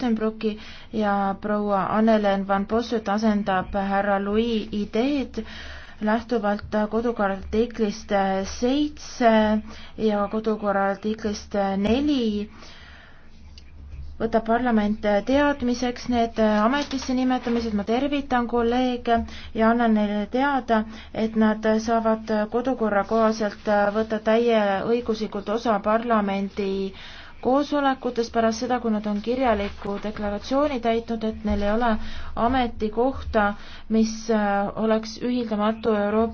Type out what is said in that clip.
Tenbruki ja proua Annelen van Bossut asendab härra Louis ideed lähtuvalt kodukorra artiklist seitse ja kodukorra artiklist neli võtab parlament teadmiseks need ametisse nimetamised, ma tervitan kolleege ja annan neile teada, et nad saavad kodukorra kohaselt võtta täieõiguslikult osa parlamendi koosolekutes pärast seda, kui nad on kirjaliku deklaratsiooni täitnud, et neil ei ole ametikohta, mis äh, oleks ühildamatu Euroopa